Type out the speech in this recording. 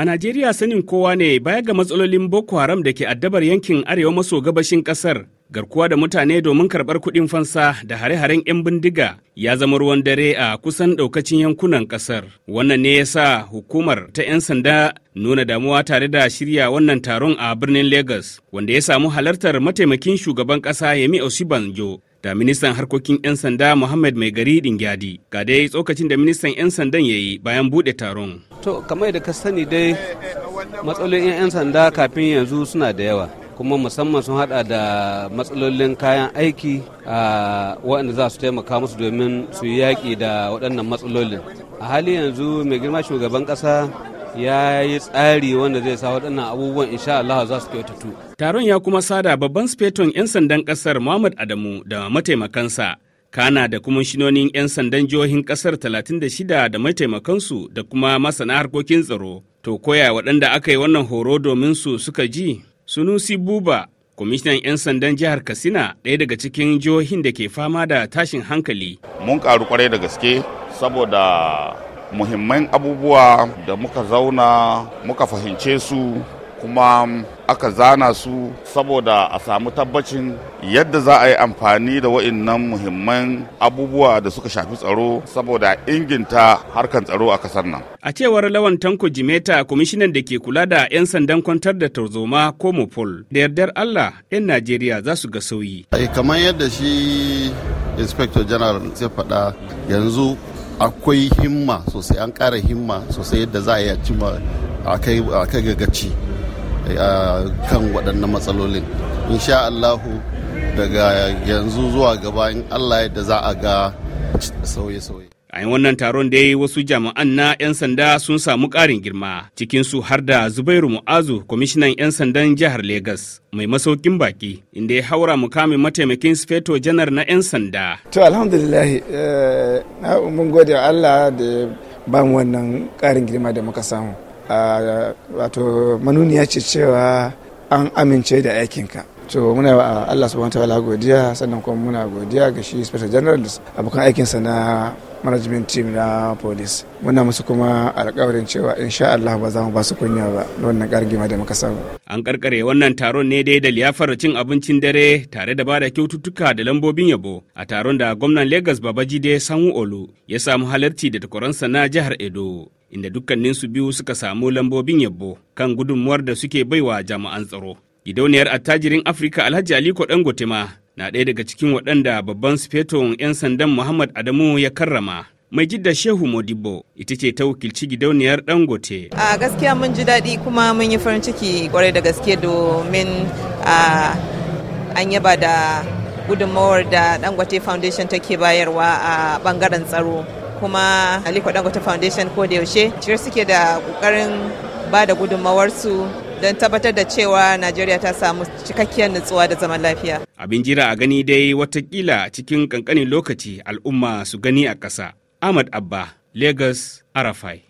A Najeriya sanin kowa ne baya ga matsalolin Boko Haram da ke addabar yankin arewa maso gabashin ƙasar garkuwa da mutane domin karɓar kuɗin fansa da hare-haren 'yan bindiga ya zama ruwan dare a kusan ɗaukacin yankunan ƙasar. Wannan ne ya sa hukumar ta 'yan sanda nuna damuwa tare da shirya wannan taron a birnin Lagos, wanda ya samu halartar mataimakin shugaban ƙasa Yemi Osibanjo da ministan harkokin 'yan sanda Muhammad Mai Gari Dingyadi ga dai tsokacin da ministan 'yan sandan ya yi bayan bude taron. To kamar da ka sani dai matsalolin 'yan sanda kafin yanzu suna da yawa kuma musamman sun hada da matsalolin kayan aiki a waɗanda za su taimaka musu domin su yi yaƙi da waɗannan matsalolin. A hali yanzu mai girma shugaban ƙasa ya yi tsari wanda zai sa waɗannan abubuwan insha Allah za su kyautatu. Taron ya kuma sada babban sfeton 'yan sandan ƙasar Muhammad Adamu da mataimakansa. Kana da kuma shinonin 'yan sandan jihohin ƙasar 36 da mataimakansu da kuma masana harkokin tsaro. To koya waɗanda aka yi wannan horo domin su suka ji? Sunusi Buba, kwamishinan 'yan sandan jihar Katsina ɗaya daga cikin jihohin da ke fama da tashin hankali. Mun ƙaru kwarai da gaske saboda muhimman abubuwa da muka zauna muka fahimce su kuma aka zana su saboda a samu tabbacin yadda za a yi amfani da wa'innan muhimman abubuwa da suka shafi tsaro saboda inginta harkar tsaro a kasar nan. A cewar lawan tanko jimeta kwamishinan da ke kula da 'yan sandan kwantar da tarzoma ko mopol da yardar Allah 'yan Najeriya za su ga sauyi. Eh, kamar yadda shi inspector general sai faɗa yanzu akwai himma sosai an kara himma sosai yadda za a yi cima a kai gagaci kan waɗannan matsalolin insha allahu daga yanzu zuwa gaba in allah yadda za a ga sauye-sauye A wannan taron da yi wasu jami'an na 'yan sanda sun samu ƙarin girma, cikinsu har da Zubairu Mu'azu, kwamishinan 'yan sandan jihar Legas, mai masaukin baki, inda ya haura mukamin mataimakin sufeto janar na 'yan sanda. To alhamdulillah, eh, na mun gode Allah da ba mu wannan ƙarin girma da muka samu. Ah, wato manuniya ce cewa an amince da aikinka. to muna wa Allah subhanahu wataala godiya sannan kuma muna godiya ga shi special general abokan aikinsa na management team na police muna musu kuma alkawarin cewa insha Allah ba za mu ba su kunya ba wannan kargima da muka samu an karkare wannan taron ne dai da liyafar cin abincin dare tare da bada kyaututtuka da lambobin yabo a taron da gwamnan Lagos Babajide Sanwo Olu ya samu halarci da takwaransa na jihar Edo inda dukkaninsu biyu suka samu lambobin yabo kan gudunmuwar da suke baiwa jami'an tsaro Gidauniyar attajirin Afirka Alhaji Aliko Dangote ma na ɗaya daga cikin waɗanda babban sufeton 'yan sandan Muhammad Adamu ya karrama. mai jidda shehu modibo ita ce ta wakilci gidauniyar dangote a gaskiya mun ji daɗi kuma mun yi farin ciki kwarai da gaske domin an yaba da gudunmawar da dangote foundation take bayarwa a bangaren tsaro kuma aliko dangote foundation ko da yaushe suke da kokarin ba da gudunmawarsu don tabbatar da cewa najeriya ta samu cikakkiyar nutsuwa da zaman lafiya abin jira a gani dai watakila cikin kankanin lokaci al'umma su gani a ƙasa ahmad abba lagos arafai